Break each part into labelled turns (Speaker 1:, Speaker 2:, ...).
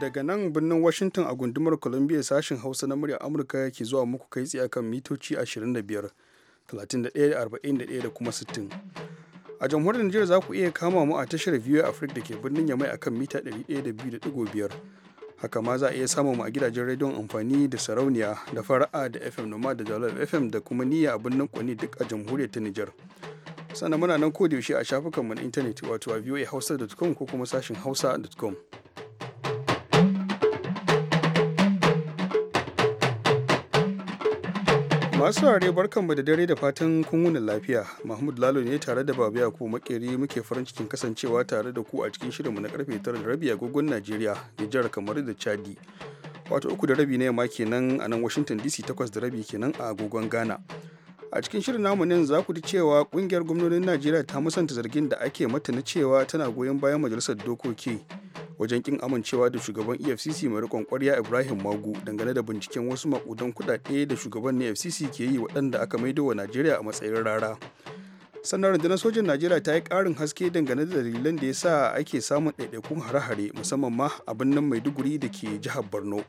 Speaker 1: daga nan birnin Washington a gundumar Columbia sashen Hausa na murya Amurka ke zuwa muku kai tsaye kan mitoci 25, 31, da kuma 60. A jamhuriyar Najeriya za ku iya kama mu a tashar viewer Africa da ke birnin Yamai akan mita 102.5. Haka ma za a iya samun mu a gidajen rediyon amfani da sarauniya da fara'a da FM Noma da jalal FM da kuma niyya a birnin Kwani duk a jamhuriyar ta Nijar. sannan muna nan ko yaushe a shafukanmu na intanet wato a hausa.com ko kuma sashin hausa.com. masu barkan barkanmu da dare da fatan kun lafiya mahmud lalo ne tare da babu ko makeri muke farin cikin kasancewa tare da ku a cikin shirinmu na karfe tara rabi agogon najeriya da jihar kamar da chadi wato uku da rabi na yamma kenan a nan washington dc takwas da rabi kenan a agogon ghana a cikin shirin namu nan za ku ji cewa kungiyar gwamnonin najeriya ta musanta zargin da ake mata na cewa tana goyon bayan majalisar dokoki wajen kin amincewa da shugaban efcc mai rikon kwarya ibrahim magu dangane da binciken wasu makudan kudade da shugaban na efcc ke yi waɗanda aka maido wa najeriya a matsayin rara sannan rundunar sojin najeriya ta yi ƙarin haske dangane da dalilan da ya sa ake samun ɗaiɗaikun hare-hare musamman ma a birnin maiduguri da ke jihar borno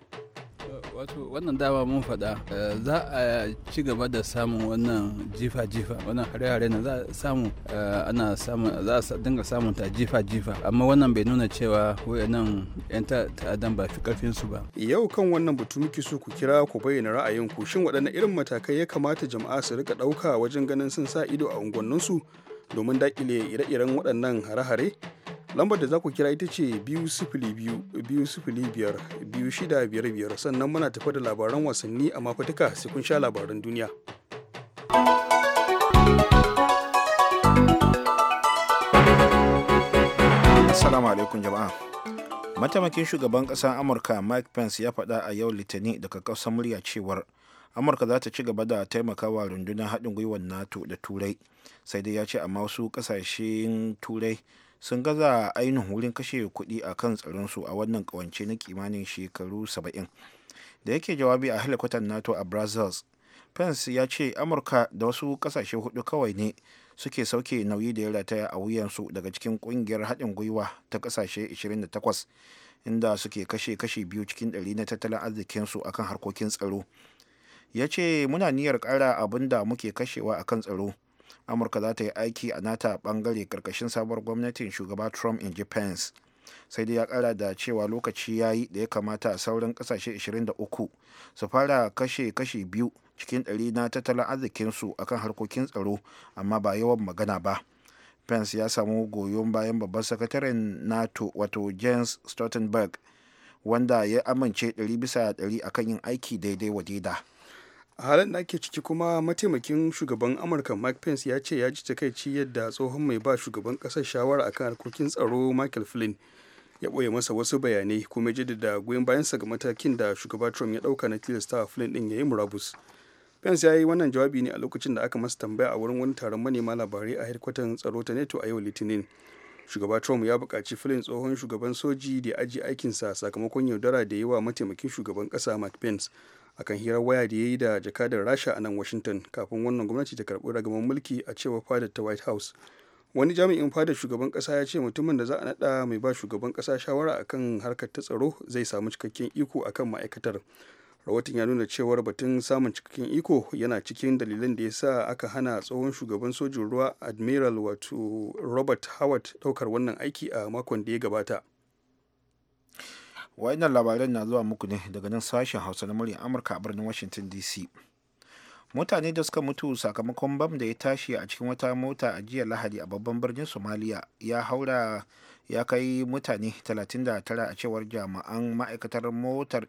Speaker 2: wato wannan dama mun faɗa eh, za a ci gaba da samun wannan jifa-jifa wannan hare-hare na za a samu eh, ana samun za a dinga samun ta jifa-jifa amma wannan bai nuna cewa wayannan yan ta'addan ba fi karfin su ba
Speaker 1: yau kan wannan batu muke so ku kira ku bayyana ra'ayinku ku shin waɗanne irin matakai ya kamata jama'a su rika ɗauka wajen ganin sun sa ido a unguwanninsu domin dakile ire-iren waɗannan hare-hare lambar da za ku kira ita ce biyu sifili biyu biyu sifili biyar biyu shida biyar biyar sannan muna tafa da labaran wasanni a mafatika sai kun sha labaran duniya
Speaker 3: assalamu alaikum jama'a mataimakin shugaban ƙasar amurka mike pence ya faɗa a yau litinin daga ƙasar murya cewar amurka za ta ci gaba da taimakawa rundunar haɗin gwiwar nato da turai sai dai ya ce amma wasu ƙasashen turai sun gaza ainihin wurin kashe kuɗi a kan tsaronsu a wannan kawance na kimanin shekaru 70 da yake jawabi a helikwatar nato a brazils pence ya ce amurka da wasu ƙasashe hudu kawai ne suke sauke nauyi da ya rataya a wuyansu daga cikin ƙungiyar haɗin gwiwa ta ƙasashe 28 inda suke kashe kashe biyu cikin ɗari na tattalin arzikinsu akan harkokin tsaro ya ce muna niyyar kara abin da muke kashewa a kan tsaro amurka za ta yi aiki a nata bangare karkashin sabuwar gwamnatin shugaba trump in ji pence sai dai ya kara da cewa lokaci ya yi da ya kamata a sauran kasashe 23 su fara kashe kashe biyu cikin ɗari na tattalin arzikinsu akan harkokin tsaro amma ba yawan magana ba pence ya samu goyon bayan babban sakataren nato wato james stoltenberg wanda ya amince 100 bisa 100 akan yin aiki daidai wa daida a halin da ake ciki kuma mataimakin shugaban amurka mike pence ya
Speaker 1: ce ya ji takaici yadda tsohon mai ba shugaban kasar shawara akan harkokin tsaro michael flynn ya ɓoye masa wasu bayanai kuma ya jaddada goyon bayansa ga matakin da shugaba trump ya ɗauka na tilasta flynn ɗin ya yi murabus pence ya yi wannan jawabi ne a lokacin da aka masa tambaya a wurin wani taron manema labarai a harkwatan tsaro ta neto a yau litinin shugaba trump ya buƙaci flynn tsohon shugaban soji da aji aikinsa sakamakon yaudara da yi wa mataimakin shugaban ƙasa mike pence akan hirar waya da ya yi da jakadar rasha a nan washington kafin wannan gwamnati ta karɓi ragaman mulki a cewar fadar ta white house wani jami'in fadar shugaban kasa ya ce mutumin da za a naɗa mai ba shugaban kasa shawara akan harkar ta tsaro zai samu cikakken iko akan ma'aikatar rahoton ya nuna cewar batun samun cikakken iko yana cikin dalilan da ya sa aka hana tsohon shugaban sojin ruwa admiral wato robert howard daukar wannan aiki a makon da ya gabata
Speaker 3: wa'annan labaran na zuwa muku ne daga nan sashen hausa na murya amurka a birnin washington dc mutane da suka mutu sakamakon bam da ya tashi a cikin wata mota a jiya lahadi a babban birnin somalia ya haura ya kai mutane 39 a cewar jama'an ma'aikatar motar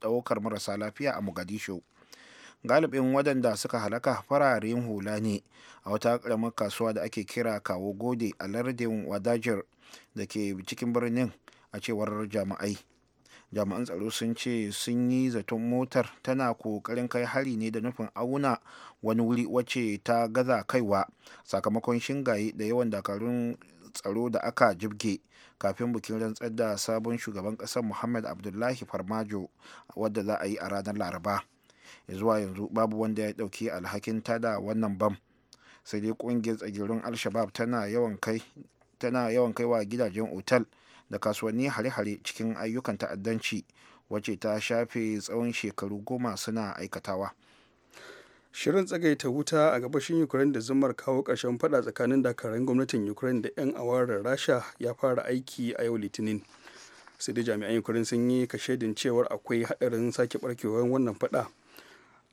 Speaker 3: daukar marasa lafiya a mogadishu galibin waɗanda suka halaka fararen hula ne a wata karamar kasuwa da ake kira kawo gode a lardin wadajir da ke cikin birnin a cewar jami'ai jami'an tsaro sun ce sun yi zaton motar tana kokarin kai hari ne da nufin auna wani wuri wacce ta gaza kaiwa sakamakon shingaye da yawan dakarun tsaro da aka jibge kafin bikin rantsar da sabon shugaban ƙasar muhammad abdullahi farmajo wadda za a yi a ranar laraba zuwa yanzu babu wanda ya dauki alhakin tada wannan bam sai dai kungiyar tsagirin al tana tana yawan kaiwa gidajen otal da kasuwanni hare-hare cikin ayyukan ta'addanci wacce ta shafe tsawon shekaru goma suna aikatawa shirin tsagaita wuta a gabashin ukraine da zumar kawo
Speaker 1: ƙarshen fada tsakanin dakarun gwamnatin ukraine da 'yan awarar rasha ya fara aiki a yau litinin sai dai jami'an ukraine sun yi kashedin cewar akwai haɗarin sake barkewar wannan fada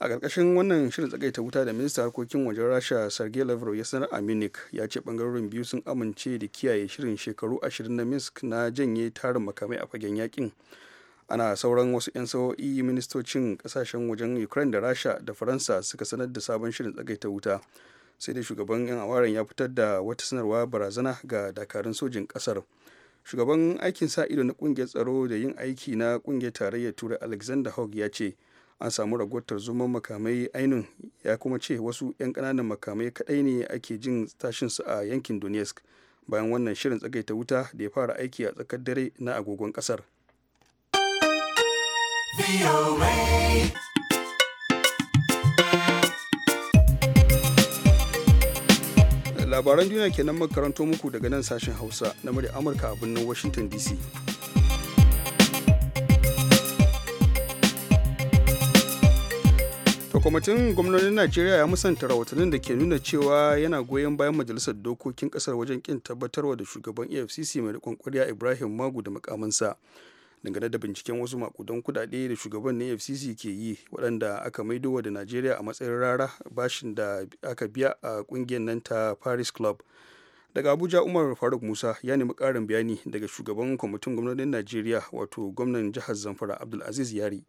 Speaker 1: a ƙarƙashin wannan shirin tsagaita wuta da ministan harkokin wajen rasha sergei lavrov ya sanar a munich ya ce ɓangarorin biyu sun amince da kiyaye shirin shekaru ashirin na minsk na janye tarin makamai a fagen yakin ana sauran wasu 'yan sa'o'i ministocin ƙasashen wajen ukraine da rasha da faransa suka sanar da sabon shirin tsagaita wuta sai dai shugaban 'yan awaren ya fitar da wata sanarwa barazana ga dakarun sojin kasar shugaban aikin sa ido na ƙungiyar tsaro da yin aiki na ƙungiyar tarayyar turai alexander hogg ya ce an samu ragwatar zuman makamai ainun ya kuma ce wasu 'yan ƙananan makamai kaɗai ne ake jin su a yankin donetsk bayan wannan shirin tsagaita wuta da ya fara aiki a tsakar dare na agogon ƙasar labaran duniya kenan makaranto muku daga nan sashen hausa na murya amurka a birnin washington dc to kwamitin gwamnonin najeriya ya musanta rahotannin da ke nuna cewa yana goyon bayan majalisar dokokin kasar wajen kin tabbatarwa da shugaban efcc mai rikon kwarya ibrahim magu da makamansa dangane da binciken wasu makudan kudade da shugaban na efcc ke yi waɗanda aka maido da najeriya a matsayin rara bashin da aka biya a ƙungiyar nan ta paris club daga abuja umar faruk musa ya nemi karin bayani daga shugaban kwamitin gwamnonin najeriya wato gwamnan jihar zamfara abdulaziz yari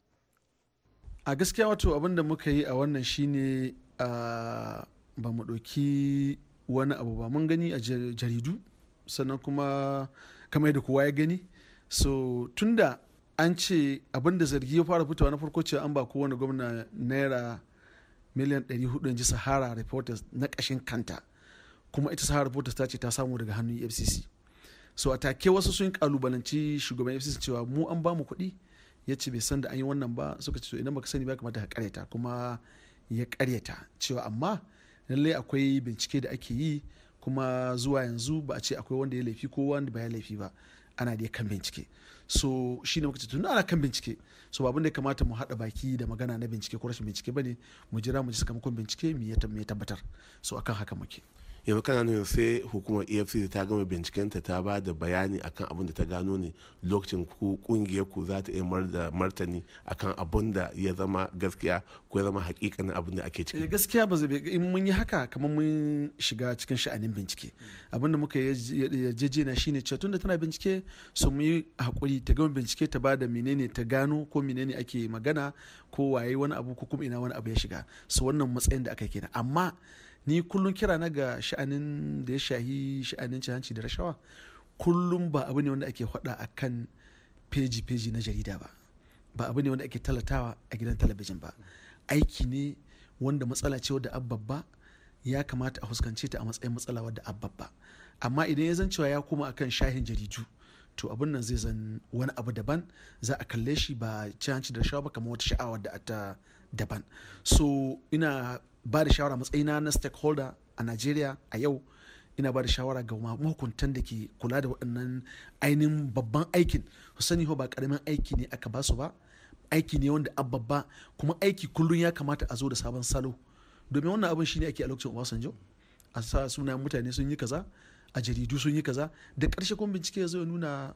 Speaker 4: a gaskiya wato abin da muka yi a wannan shine a ba mu ɗauki wani abu ba mun gani a jaridu sannan kuma kamar yadda kowa ya gani so tunda an ce abin zargi ya fara fitowa na farko cewa an ba kowane gwamna naira miliyan 400 ji sahara reporters na ƙashin kanta kuma ita sahara reporters ta ce ta samu daga hannun efcc so a take wasu sun kalubalanci shugaban efcc cewa mu an ba mu kuɗi ya ce bai san da an yi wannan ba suka ce to idan baka sani ba kamata ka karyata kuma ya karyata cewa amma lallai akwai bincike da ake yi kuma zuwa yanzu ba a ce akwai wanda ya laifi ko wanda ba ya laifi ba ana da kan bincike so shi ne muka ce tun ana kan bincike so babu da ya kamata mu haɗa baki da magana na bincike ko rashin bincike bane mu jira mu ji sakamakon bincike mu ya tabbatar so akan haka muke
Speaker 5: yanzu kana nuna sai hukumar efcc ta gama binciken ta ta ba da bayani akan abin da ta gano ne lokacin ku kungiyar ku za ta iya da martani akan abin da ya zama gaskiya ko ya zama hakikanin abin da ake ciki
Speaker 4: eh, gaskiya ba zai in mun yi haka kamar mun shiga cikin sha'anin bincike abin da muka na shine cewa tunda tana bincike su mu yi hakuri ta gama bincike ta ba da menene ta gano ko menene ake magana ko waye wani abu ko kuma ina wani abu ya shiga su wannan matsayin da aka kenan amma ni kullum kira na ga sha'anin da ya shahi sha'anin cihanci da rashawa kullum ba abu ne wanda ake faɗa a kan feji-feji na jarida ba ba abu ne wanda ake talatawa a gidan talabijin ba aiki ne wanda matsala ce wadda ababba ya kamata a huskance ta a matsayin matsala wadda ababba amma idan ya zan cewa ya koma akan shahin jaridu to abin nan zai zan wani abu daban za a kalle shi ba cihanci da rashawa ba kamar wata sha'awa da ta daban so ina ba da shawara matsayina na stakeholder a najeriya a yau ina ba da shawara ga mahukuntan da ke kula da waɗannan ainihin babban aikin su sani ba ƙaramin aiki ne aka ba su ba aiki ne wanda babba kuma aiki kullum ya kamata a zo da sabon salo domin wannan abin shine ake a lokacin obasanjo a sa suna mutane sun yi kaza a jaridu sun yi kaza da ƙarshe kuma bincike ya zo nuna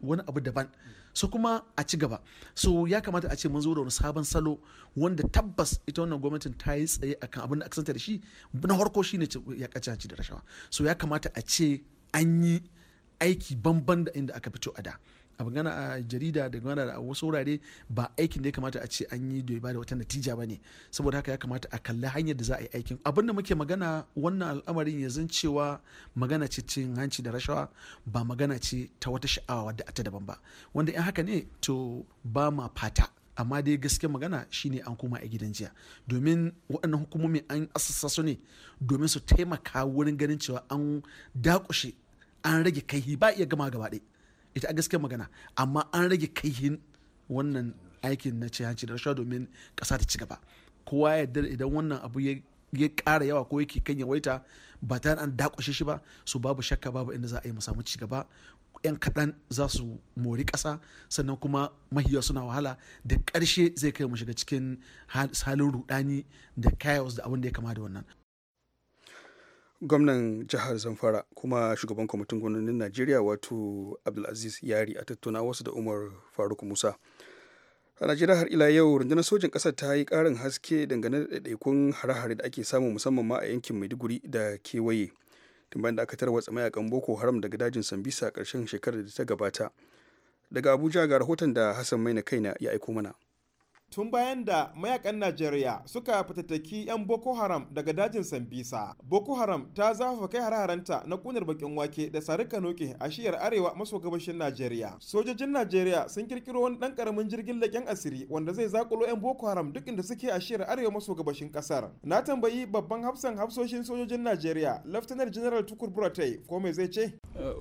Speaker 4: wani abu daban so kuma a ci gaba so ya kamata a ce mun zo da wani sabon salo wanda tabbas ita wannan gwamnatin ta yi tsaye akan abin da aka santa da shi na harko shine ya kaci da rashawa so ya kamata a ce an yi aiki banban da inda aka fito a da a magana a jarida da magana a wasu wurare ba aikin da ya kamata a ce an yi da ba da wata natija ba ne saboda haka ya kamata a kalli hanyar da za a yi aikin abin da muke magana wannan al'amarin ya zan cewa magana ce cin hanci da rashawa ba magana ce ta wata sha'awa wadda ta daban ba wanda in haka ne to ba ma fata amma dai gaske magana shine an koma a gidan jiya domin waɗannan hukumomi an asassa su ne domin su taimaka wurin ganin cewa an dakushe an rage kai ba iya gama gaba ɗaya ita a gaskiyar magana amma an rage kaihin wannan aikin na ce hanci da rashawa domin kasa ta ci gaba kowa ya yarda idan wannan abu ya kara yawa ko yake kan yawaita ba ta an dakushe shi ba su babu shakka babu inda za a yi mu samu cigaba yan kaɗan za su mori ƙasa sannan kuma mahiya suna wahala da ƙarshe zai kai mu shiga cikin halin rudani da chaos da abin da ya kama da wannan
Speaker 1: gwamnan jihar zamfara kuma shugaban kwamitin gwamnonin najeriya wato abdulaziz yari a tattauna wasu da umar faruk musa a najeriya har ila yau rundunar sojin ƙasar ta yi karin haske dangane da ɗaiɗaikun hare-hare da ake samu musamman ma a yankin maiduguri da kewaye tun bayan da aka tarwatsa mayakan boko haram daga dajin sambisa a ƙarshen shekarar da ta gabata daga abuja ga rahoton da hassan maina kaina ya aiko mana
Speaker 5: tun bayan da mayakan Najeriya suka fitattaki 'yan Boko Haram daga dajin Sambisa. Boko Haram ta zafafa kai hare haranta na kunar bakin wake da sarika noke a shiyar arewa maso gabashin Najeriya. Sojojin Najeriya sun kirkiro wani dan karamin jirgin leƙen asiri wanda zai zakulo 'yan Boko Haram duk inda suke a shiyar arewa maso gabashin kasar. Na tambayi babban hafsan hafsoshin sojojin Najeriya, Laftanar General Tukur Buratai, ko me zai ce?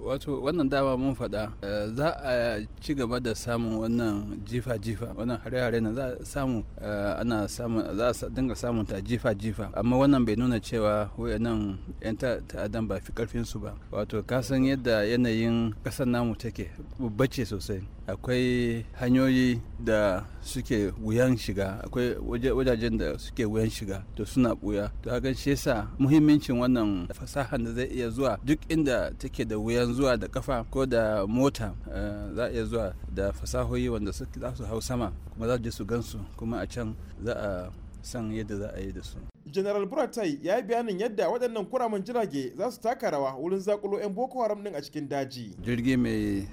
Speaker 2: wato wannan dama mun faɗa eh, za a ci gaba da samun wannan jifa-jifa wannan hare-hare na za samu eh, ana samun za a dinga samun ta jifa jifa amma wannan bai nuna cewa wayannan yan ta'addan ba fi karfin su ba wato kasan yadda yanayin kasar namu take babbace sosai akwai hanyoyi da suke wuyan shiga akwai wajajen da suke wuyan shiga to suna buya to hakan shi yasa muhimmancin wannan fasahan da zai iya zuwa duk inda take da wuyan zuwa da kafa ko da mota eh, za a iya zuwa da fasahoyi wanda za su hau sama kuma za je su gansu kuma a can za a san yadda za a yi da su
Speaker 5: general buratai ya yi bayanin yadda waɗannan kuramin jirage za su taka rawa wurin zakulo 'yan boko haram din a cikin daji
Speaker 2: jirgi mai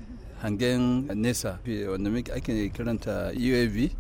Speaker 2: hangen nesa wanda ake kiranta uav e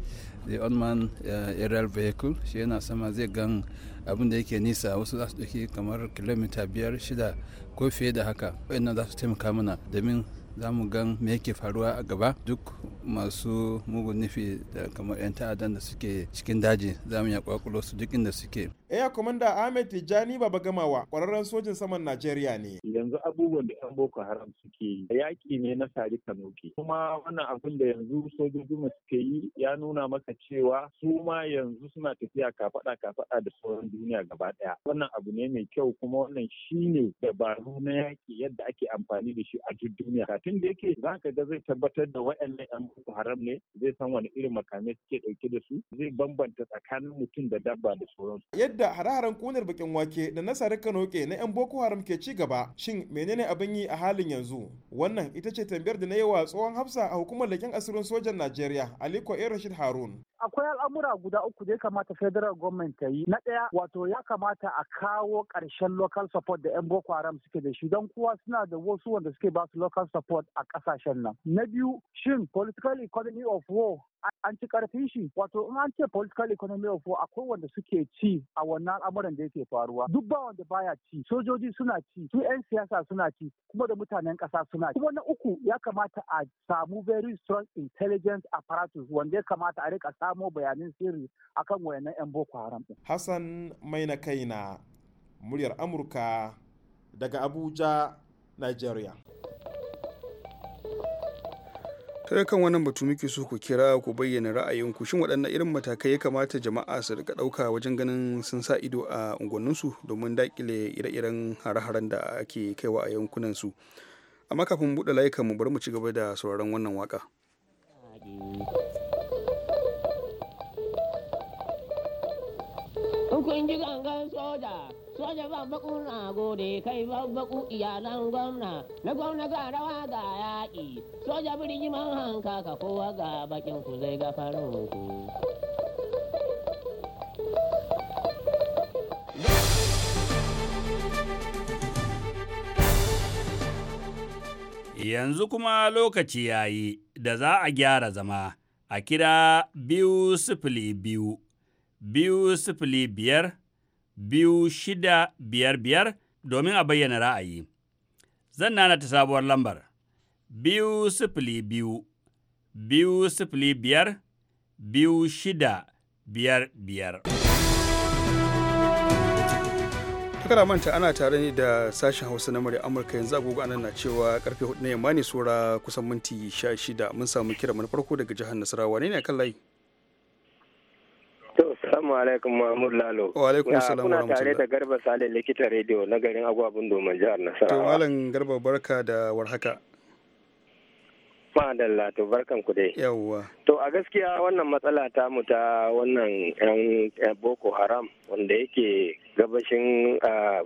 Speaker 2: the unmanned uh, aerial vehicle shi yana sama zai gan abin da yake nisa wasu za su ɗauki kamar kilomita biyar shida ko fiye da haka waɗannan za su taimaka mana domin za mu gan me yake faruwa a gaba duk masu mugun nufi da kamar 'yan ta'adan da suke cikin daji za mu ya su duk inda suke
Speaker 5: Air Komanda Ahmed Tijjani Baba Gamawa kwararren sojin saman Najeriya ne. Yanzu abubuwan da 'yan Boko Haram suke yi yaƙi ne na sari kanoki. Kuma wannan abin da yanzu sojojin mu suke yi ya nuna maka cewa su ma yanzu
Speaker 6: suna tafiya kafaɗa kafaɗa da sauran duniya gaba ɗaya. Wannan abu ne mai kyau kuma wannan shi ne dabaru na yaƙi yadda ake amfani da shi a duk duniya. Kafin da yake za ka ga zai
Speaker 5: tabbatar da waɗannan 'yan Boko Haram ne zai san wani irin makamai suke ɗauke da su zai bambanta tsakanin mutum da dabba da sauransu. Yadda da hare-haren kunar bakin wake da na sare kanoke na 'yan boko haram ke ci gaba shin menene abin yi a halin yanzu wannan ita ce tambayar da na yi wa tsohon hafsa a hukumar lakin asirin sojan najeriya aliko a rashid harun akwai al'amura guda uku da ya kamata federal government ta yi na ɗaya wato ya kamata a kawo ƙarshen local support da
Speaker 6: 'yan boko haram suke da shi don kowa suna da wasu wanda suke ba su local support a ƙasashen nan na biyu shin political economy of war an ci ƙarfin shi wato in an ce political economy of war akwai wanda suke ci a wannan al'amuran da yake faruwa duk ba wanda baya ci sojoji suna ci su 'yan siyasa suna ci kuma da mutanen ƙasa suna ci kuma na uku ya kamata a samu very strong intelligence apparatus wanda ya kamata a rika samo bayanin sirri akan
Speaker 5: wayannan 'yan boko haram hassan mai na kai na muryar amurka daga abuja nigeria
Speaker 1: ta kan wannan batu muke so ku kira ku bayyana ra'ayinku shin waɗannan irin matakai ya kamata jama'a su rika ɗauka wajen ganin sun sa ido a unguwanninsu domin daƙile ire-iren hare-haren da ake kaiwa a yankunansu amma kafin buɗe layukan mu bari mu ci gaba da sauraron wannan waka. soja soja ban baku na gode kai ban baku iyalan gwamna na gwamna ga rawa ga yaya yaƙi soja birni man hanka ka kowa ga bakin ku zai ga farin ku Yanzu kuma lokaci ya
Speaker 6: yi da za a gyara zama a kira biyu sifili biyu, biyu sifili biyar, biyu shida biyar biyar domin a bayyana ra'ayi. Zan nana ta sabuwar lambar. biyu sifili biyu, biyu sifili biyar, biyu shida biyar
Speaker 7: biyar.
Speaker 1: takara manta ana tare ne da sashen hausa na murya amurka yanzu agogo anan na cewa karfe hudu na yamma ne sura kusan minti sha shida mun samu kira mana farko daga jihar nasarawa ne ne kan layi
Speaker 6: to salamu alaikum mahmud lalo wa alaikum salam wa kuna tare da garba sale likita rediyo na garin agwabun domin jihar nasarawa
Speaker 1: to malam garba barka da warhaka
Speaker 6: Madalla to barkan ku dai. Yawwa. To a gaskiya wannan matsala ta mu ta wannan yan Boko Haram wanda yake gabashin ah,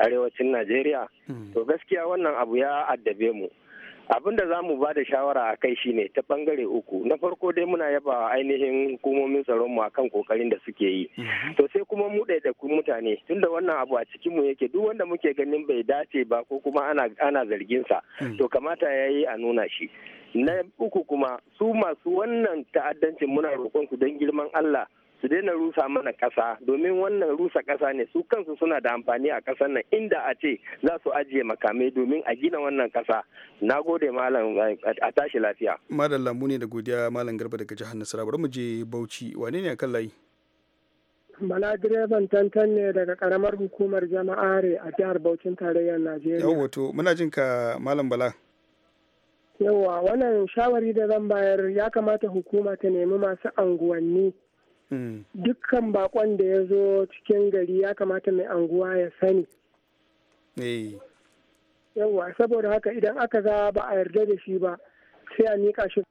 Speaker 6: arewacin Najeriya. Hmm. To gaskiya wannan abu ya addabe mu abin da za mu ba da shawara a kai shine ta bangare uku na farko dai muna yaba ainihin hukumomin tsaron mu akan kokarin da suke yi mhm. to sai kuma mu da ku mutane tunda wannan abu a cikin mu yake duk wanda muke ganin bai dace ba ko kuma ana ana zargin sa hmm. to kamata yayi a nuna shi na uku kuma su masu wannan ta'addancin muna roƙon don girman Allah su daina rusa mana ƙasa domin wannan rusa ƙasa ne su kansu suna da amfani a ƙasar nan inda a ce za su ajiye makamai domin a gina wannan ƙasa na gode malam a tashi lafiya
Speaker 1: malam lambu ne da godiya malam garba daga jihar nasara bari mu je bauchi wane ne a layi
Speaker 6: bala direban tantan ne daga karamar hukumar jama'are a jihar Bauchin tarayyar Najeriya. Yau
Speaker 1: wato muna jin ka Malam Bala.
Speaker 6: Yawa wannan shawari da zan bayar ya kamata hukuma ta nemi masu anguwanni dukkan bakon da ya zo cikin gari ya kamata mai anguwa ya sani eh. yawwa saboda haka idan aka za ba a yarda da shi ba sai a miƙa shi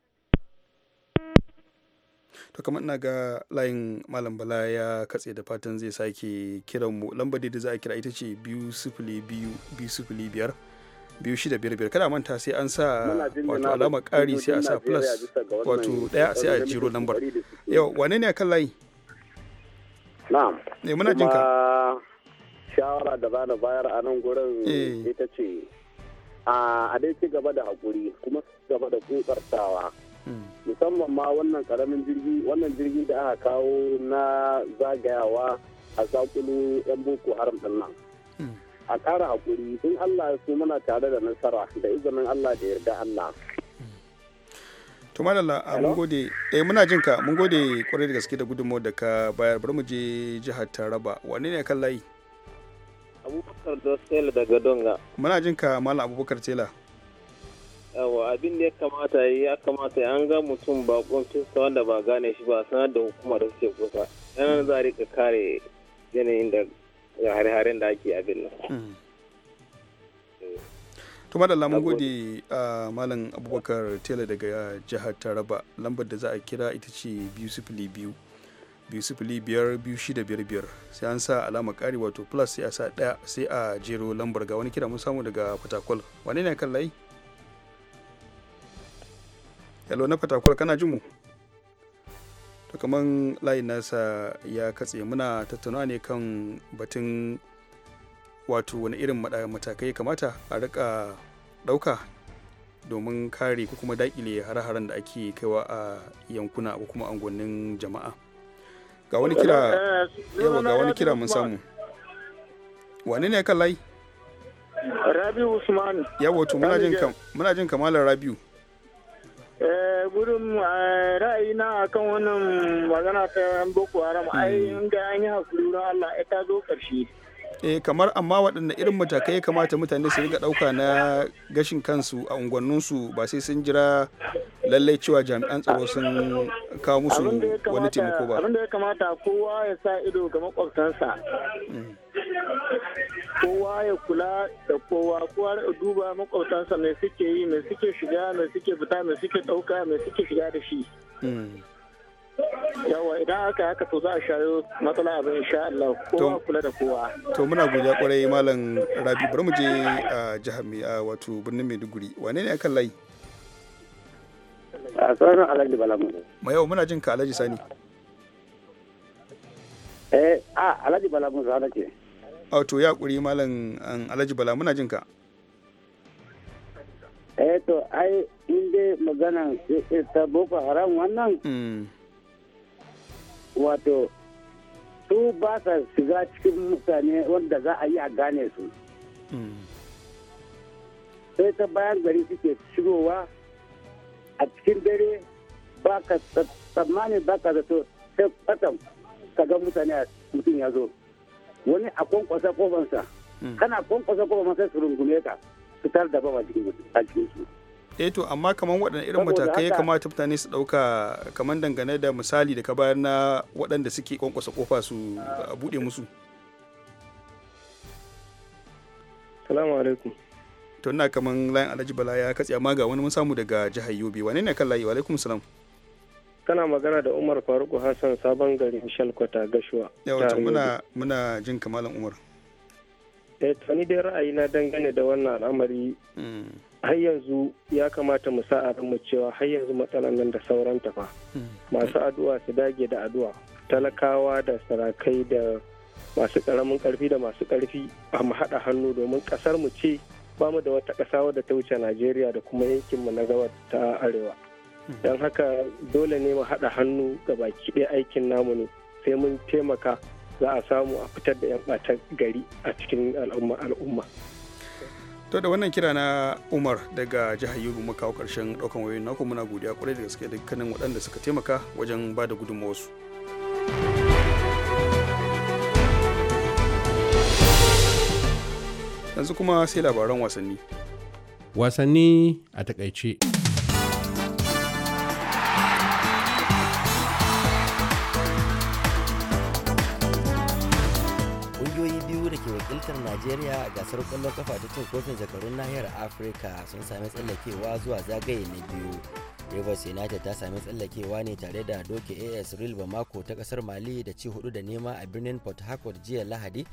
Speaker 1: to kamar ina ga layin malam bala ya katse da fatan zai sake kiran mu lambar da za a kira ita ce biyu sifili biyu biyu sifili biyar biyu shida biyar biyar kada manta sai an sa wato alama ƙari sai a sa plus wato ɗaya sai a jiro lambar yau wane ne a kan layi
Speaker 6: na'am ne eh, muna jin ka shawara da bana bayar a nan gurin eh. ita ce a dai ci gaba da haƙuri kuma gaba da kutsartawa hmm. musamman ma wannan karamin jirgi wannan jirgi da aka kawo na zagayawa a zakulu yan boko haram din nan a ƙara haƙuri in Allah ya so muna tare da nasara da izinin Allah da yarda Allah.
Speaker 1: To malala mun gode eh muna jin ka mun gode kwarai da gaske da gudunmu da ka bayar bari mu je jihar Taraba wane ne kan layi?
Speaker 6: Abubakar Dostel daga Donga.
Speaker 1: Muna jin ka malam Abubakar Tela.
Speaker 6: Yawa abin da ya kamata ya kamata an ga mutum bakon fista wanda ba gane shi ba sanar da hukuma da suke kusa. Yanar za a kare yanayin da ga hare-haren da ake abin nan hmm.
Speaker 1: tuma da lamun gode a ah, malam abubakar tela daga ah, jihar taraba lambar da za a kira ita ce biyu sifili biyu biyu sifili biyar biyu shida biyar biyar sai an sa alama kari wato plus sai a sa daya sai a jero lambar ga wani kira mun samu daga fatakwal wane ne kan layi hello na fatakwal kana jin mu to kaman layin nasa ya katse muna tattauna ne kan batun wato wani irin matakai kamata a rika ɗauka domin kare ko kuma daƙile hare-haren da ake kaiwa a yankuna ko kuma angonin jama'a ga wani kira yawa ga wani kira mun samu wani ne kan layi
Speaker 6: rabiu usman
Speaker 1: yawa to muna jin kamalar rabiu
Speaker 6: Eh, gudun eh, ra'ayina a kan wannan magana ta yan boko haram hmm. ai in ga an yi hakuri wurin allah ta zo karshe
Speaker 1: eh kamar amma waɗanda irin matakai ya kamata mutane su riga ɗauka na gashin kansu a unguwanninsu ba sai sun jira lallai cewa jami'an tsaro sun kawo musu wani taimako ba abin
Speaker 6: da ya kamata kowa ya sa ido ga makwabtansa hmm. kowa ya kula da kowa kowa da duba makwabtansa mai suke yi mai suke shiga mai suke fita mai suke ɗauka mai suke shiga da shi hmm. yawa idan aka haka to za a shayo matsala abin insha Allah kowa kula da kowa to muna godiya kwarai
Speaker 1: malam Rabi bari mu je a jihar mai a wato birnin Maiduguri wane ne akan layi
Speaker 6: a tsarin Alhaji Balamu
Speaker 1: mai yau muna jin ka Alhaji Sani
Speaker 6: eh a Alhaji Balamu zana ce
Speaker 1: wato ya kuri malam um, alhaji bala muna jinka.
Speaker 6: ka eh to ai in dai magana ta boko haram wannan mm. wato su ba sa shiga cikin mutane wanda za a yi a gane su mm. sai ta bayan gari suke shigowa a cikin dare ba ka tsammani ba ka zato sai kwatsam ka ga mutane mutum ya zo wani a kwankwasa kofansa hmm. kana kwankwasa kofan sai su rungume ka fitar da baba a cikin su
Speaker 1: eh to amma kamar waɗanne irin matakai ya kamata mutane su ɗauka kamar dangane da misali da ka bayar na waɗanda suke kwankwasa kofa su buɗe musu salamu alaikum to ina kaman layin alhaji bala ya katse amma ga wani mun samu daga jihar yobe wane ne kan layi wa alaikum salam
Speaker 6: kana magana da Umar Faruku Hassan sabon gari Shalkwata Gashuwa.
Speaker 1: Yawancin muna muna jin kamalan Umar.
Speaker 6: e ni dai na dangane da wannan al'amari mm. har yanzu ya kamata mu sa a ranmu cewa har yanzu matsalan nan da sauran ta fa. Mm. Masu addu'a su dage da addu'a talakawa da sarakai da masu karamin karfi da masu karfi a mu haɗa hannu domin ƙasar mu ce ba mu da wata ƙasa wadda ta wuce Najeriya da kuma yankinmu na gabar ta arewa. don haka dole ne mu haɗa hannu ga baki ɗaya aikin namu ne sai mun taimaka za a samu a fitar da 'yan ɓata gari a cikin al'umma al'umma
Speaker 1: to da wannan kira na umar daga jihar yobe muka kawo karshen ɗaukan wayoyin naku muna godiya kwarai da gaske dukkanin waɗanda suka taimaka wajen ba da gudunmawarsu yanzu kuma sai labaran wasanni wasanni a takaice
Speaker 7: gasar kwallon kafa ta cin kofin zakarun nahiyar afirka sun sami tsallakewa zuwa zagaye na biyu rivers united ta sami tsallakewa ne tare da doke as real bamako ta kasar mali da ci hudu da nema a birnin port harcourt jiya lahadi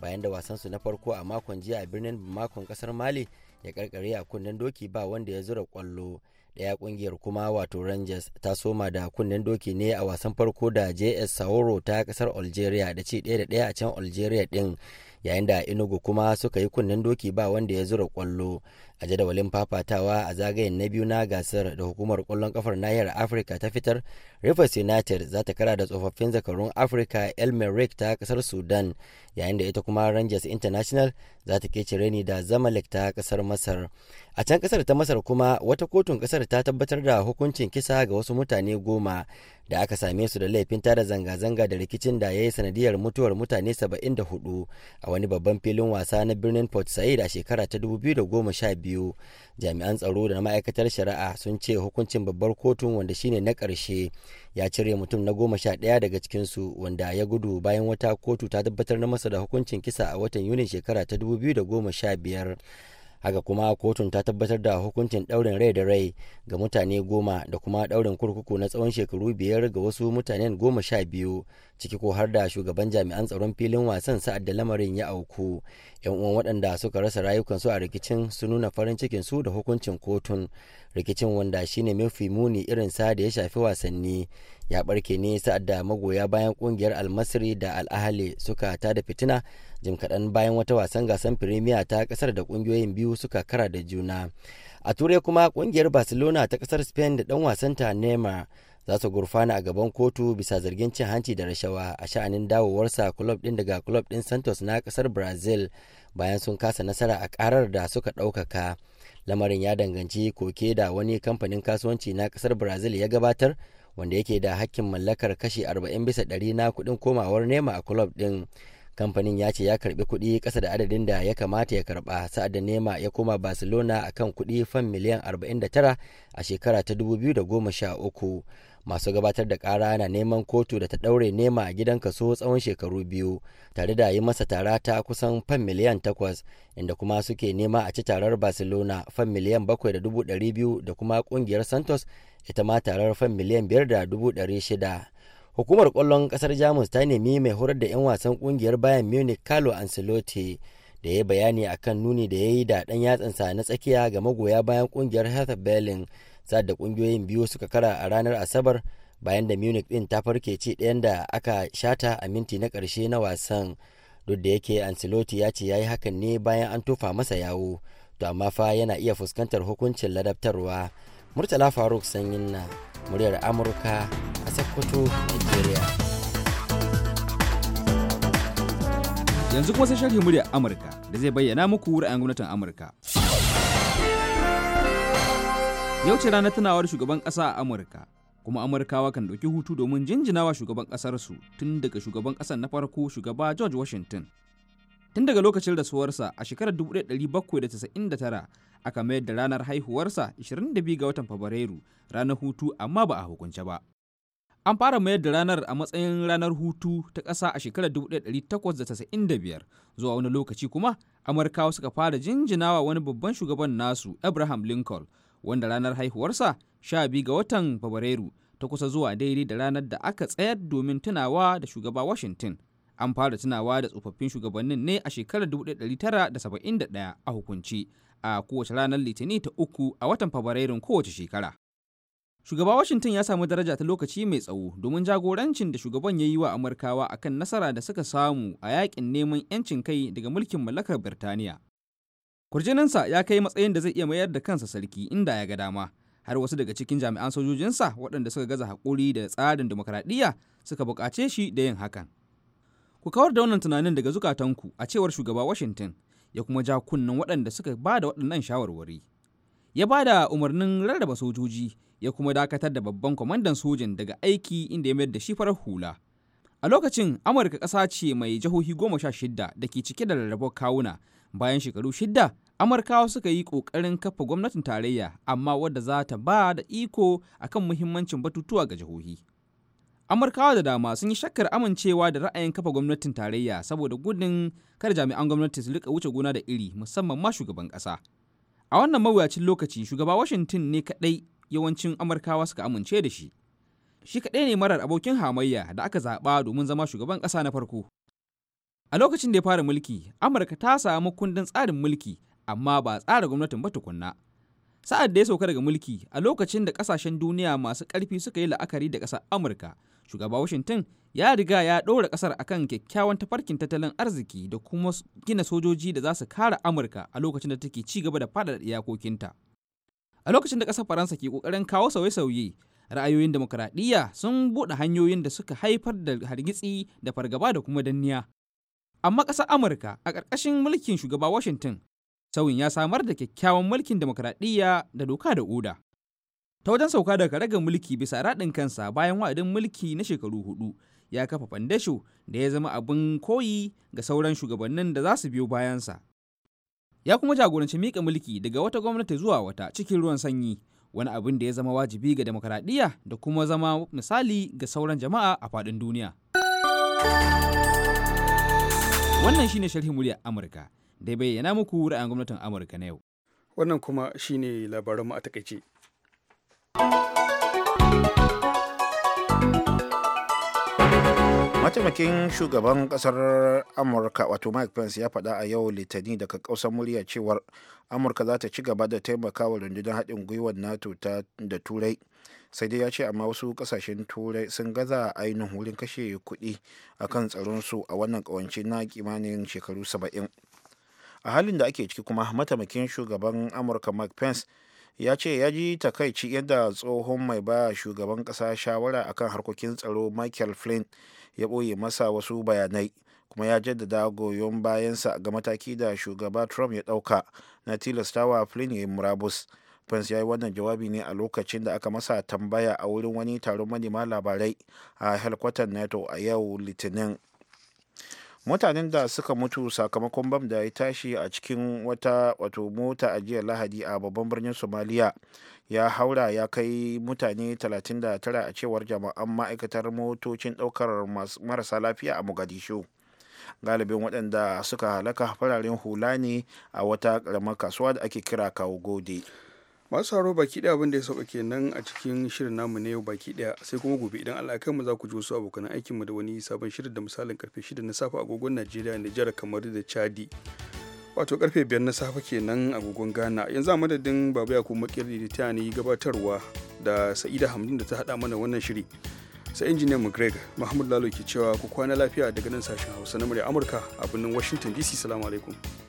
Speaker 7: bayan da wasansu na farko a makon jiya a birnin makon kasar mali ya karkare a kunnen doki ba wanda ya zura kwallo daya kungiyar kuma wato rangers ta soma da kunnen doki ne a wasan farko da js sauro ta kasar algeria da ci daya da daya a can algeria din yayin da inugu kuma suka yi kunnen doki ba wanda ya zura kwallo a jadawalin fafatawa a zagayen na biyu na gasar da hukumar kwallon kafar nahiyar afirka ta fitar rivers united za ta kara da tsofaffin zakarun afirka rick ta kasar sudan yayin da ita kuma rangers international za ta kece reni da zamalek ta kasar masar a can kasar ta masar kuma wata kotun kasar ta tabbatar da hukuncin kisa ga wasu mutane goma da aka same su da laifin tara zanga-zanga da rikicin da ya yi sanadiyar mutuwar mutane 74 a wani babban filin wasa na birnin port said a shekara ta 2012 jami'an tsaro da ma'aikatar shari'a sun ce hukuncin babbar kotun wanda shine na karshe ya cire mutum na goma sha daya daga cikinsu wanda ya gudu bayan wata kotu ta tabbatar na masa da hukuncin kisa a watan yunin shekara ta 2015 haka kuma kotun ta tabbatar da hukuncin daurin rai da rai ga mutane goma da kuma daurin kurkuku na tsawon shekaru biyar ga wasu mutanen goma sha biyu ciki ko har da shugaban jami'an tsaron filin wasan sa'ad da lamarin ya auku yan uwan waɗanda suka rasa rayukansu a rikicin su nuna farin cikin su da hukuncin kotun rikicin wanda shine mafi muni irin sa da ya shafi wasanni ya barke ne sa'ad da magoya bayan kungiyar almasri da al'ahali suka tada fitina jim kaɗan bayan wata wasan gasan firimiya ta ƙasar da ƙungiyoyin biyu suka kara da juna a turai kuma ƙungiyar barcelona ta ƙasar spain da ɗan wasanta neymar za su gurfana a gaban kotu bisa zargin cin hanci da rashawa a sha'anin dawowarsa kulob din daga kulob ɗin santos na ƙasar brazil bayan sun kasa nasara a karar da suka ɗaukaka lamarin ya danganci koke da wani kamfanin kasuwanci na ƙasar brazil ya gabatar wanda yake da hakkin mallakar kashi 40 bisa 100 na kuɗin komawar nema a kulob ɗin kamfanin ya ce ya karbi kuɗi kasa da adadin da ya kamata ya karba sa'ad da nema ya koma barcelona kan kuɗi fan miliyan 49 a shekara ta 2013 masu gabatar da kara na neman kotu da ta ɗaure nema a gidan kaso tsawon shekaru biyu tare da yi masa tara ta kusan fan miliyan 8 inda kuma suke nema a ci tarar barcelona fan miliyan bakwai da kuma ƙungiyar santos ita ma tarar fan miliyan biyar da hukumar kwallon kasar jamus ta nemi mai horar da 'yan wasan kungiyar bayan munich carlo ancelotti da ya bayani akan nuni da ya yi da dan yatsansa na tsakiya ga magoya bayan kungiyar hertha berlin sa'ad da kungiyoyin biyu suka kara a ranar asabar bayan da munich din ta farke ci ɗayan da aka shata a minti na karshe na wasan duk da yake ancelotti ya ce ya yi hakan ne bayan an tufa masa yawo to amma fa yana iya fuskantar hukuncin ladabtarwa murtala faruk sanyin na muryar amurka a sokoto nigeria
Speaker 8: yanzu kuma sai sharhi muryar amurka da zai bayyana muku ra'ayin gwamnatin amurka yau ce ranar tunawar shugaban ƙasa a amurka kuma amurkawa kan ɗauki hutu domin jinjinawa shugaban ƙasarsu tun daga shugaban ƙasar na farko shugaba george washington tun daga lokacin rasuwarsa a shekarar 1799 aka mayar da ranar haihuwarsa 22 ga watan Fabrairu ranar hutu amma ba a hukunce ba. An fara mayar da ranar a matsayin ranar hutu ta ƙasa a shekarar 1895 zuwa wani lokaci kuma Amurkawa suka fara jinjinawa wani babban shugaban nasu Abraham Lincoln wanda ranar haihuwarsa 12 ga watan Fabrairu ta kusa zuwa daidai da ranar da aka tsayar domin tunawa da shugaba Washington. An fara tunawa da tsofaffin shugabannin ne a shekarar 1971 a hukunci a kowace ranar litinin ta uku a watan fabrairun kowace shekara shugaba washington ya samu daraja ta lokaci mai tsawo domin jagorancin da shugaban ya yi wa amurkawa a kan nasara da suka samu a yakin neman 'yancin kai daga mulkin mallakar birtaniya kurjininsa ya kai matsayin da zai iya mayar da kansa sarki inda ya ga dama har wasu daga cikin jami'an sojojinsa waɗanda suka gaza haƙuri da tsarin demokradiyya suka buƙace shi da yin hakan ku kawar da wannan tunanin daga zukatanku a cewar shugaba washington ya kuma ja kunnen waɗanda suka ba da waɗannan shawarwari ya ba da umarnin rarraba sojoji ya kuma dakatar da babban kwamandan sojin daga aiki inda ya mayar da shi farar hula a lokacin amurka ƙasa ce mai jihohi goma sha shidda da ke cike da rarrabar kawuna bayan shekaru shidda amurkawa suka yi ƙoƙarin kafa gwamnatin tarayya amma wadda za ta ba da iko akan muhimmancin batutuwa ga jihohi amurkawa da dama sun yi shakkar amincewa da ra'ayin kafa gwamnatin tarayya saboda gudun kar jami'an gwamnati su rika wuce gona da iri musamman ma shugaban kasa a wannan mawuyacin lokaci shugaba washington ne kadai yawancin amurkawa suka amince da shi shi kadai ne marar abokin hamayya da aka zaba domin zama shugaban kasa na farko a lokacin da ya fara mulki amurka ta samu kundin tsarin mulki amma ba tsara gwamnatin ba tukunna sa'ad da ya sauka daga mulki a lokacin da kasashen duniya masu karfi suka yi la'akari da ƙasar amurka shugaba washington ya riga ya ɗora ƙasar akan kyakkyawan tafarkin tattalin arziki da kuma gina sojoji da za su kare amurka a lokacin da take ci gaba da faɗaɗa iyakokinta a lokacin da ƙasar faransa ke ƙoƙarin kawo sauye-sauye ra'ayoyin demokaradiyya sun buɗe hanyoyin da suka haifar da hargitsi da fargaba da kuma danniya amma ƙasar amurka a ƙarƙashin mulkin shugaba washington sauyin ya samar da kyakkyawan mulkin demokaradiyya da doka da oda ta wajen sauka daga ragar mulki bisa raɗin kansa bayan wa'adin mulki na shekaru hudu ya kafa fandesho da ya zama abin koyi ga sauran shugabannin da za su biyo bayansa ya kuma jagoranci miƙa mulki daga wata gwamnati zuwa wata cikin ruwan sanyi wani abin da ya zama wajibi ga demokaradiyya da kuma zama misali ga sauran jama'a a faɗin duniya wannan shine sharhin muryar amurka da bayyana muku ra'ayin gwamnatin
Speaker 1: amurka na yau wannan kuma shine labaranmu a takaice
Speaker 3: mataimakin shugaban kasar amurka wato mike pence ya faɗa a yau litani daga kausar murya cewar amurka za ta ci gaba da taimakawa rundunar haɗin gwiwar nato da turai sai dai ya ce amma wasu kasashen turai sun gaza ainihin wurin kashe kuɗi a kan tsaronsu a wannan ƙawance na kimanin shekaru saba'in a halin da ake ciki kuma mataimakin shugaban amurka mike pence ya ce ya ji takaici yadda tsohon mai ba shugaban kasa shawara akan harkokin tsaro michael flynn ya ɓoye masa wasu bayanai kuma ya jaddada goyon bayansa ga mataki da shugaba trump ya ɗauka na tilastawa flynn ya yi murabus pence ya yi wannan jawabi ne a lokacin da aka masa tambaya a wurin wani taron manema labarai a helkwatar nato a yau litinin mutanen da suka mutu sakamakon bam da ya tashi a cikin wata wato mota a jiya lahadi a babban birnin somaliya ya haura ya kai mutane 39 a cewar jama'an ma'aikatar motocin daukar marasa lafiya a mogadishu galibin waɗanda suka halaka fararen hula ne a wata ƙaramar kasuwa da ake kira kawo gode masu haro baki ɗaya abin da ya sauka kenan a cikin
Speaker 1: shirin namu na yau baki ɗaya sai kuma gobe idan Allah kai mu za ku ji wasu abokan aikin mu da wani sabon shirin da misalin karfe 6 na safe agogon Najeriya Nijar kamar da Chadi wato karfe 5 na safe kenan agogon Ghana yanzu a madadin Baba Yakubu Makirdi da Tani gabatarwa da Sa'ida Hamdin da ta hada mana wannan shiri sai injiniyan mu Greg Muhammad Lalo ke cewa ku kwana lafiya daga nan sashen Hausa na murya Amurka a birnin Washington DC salamu alaikum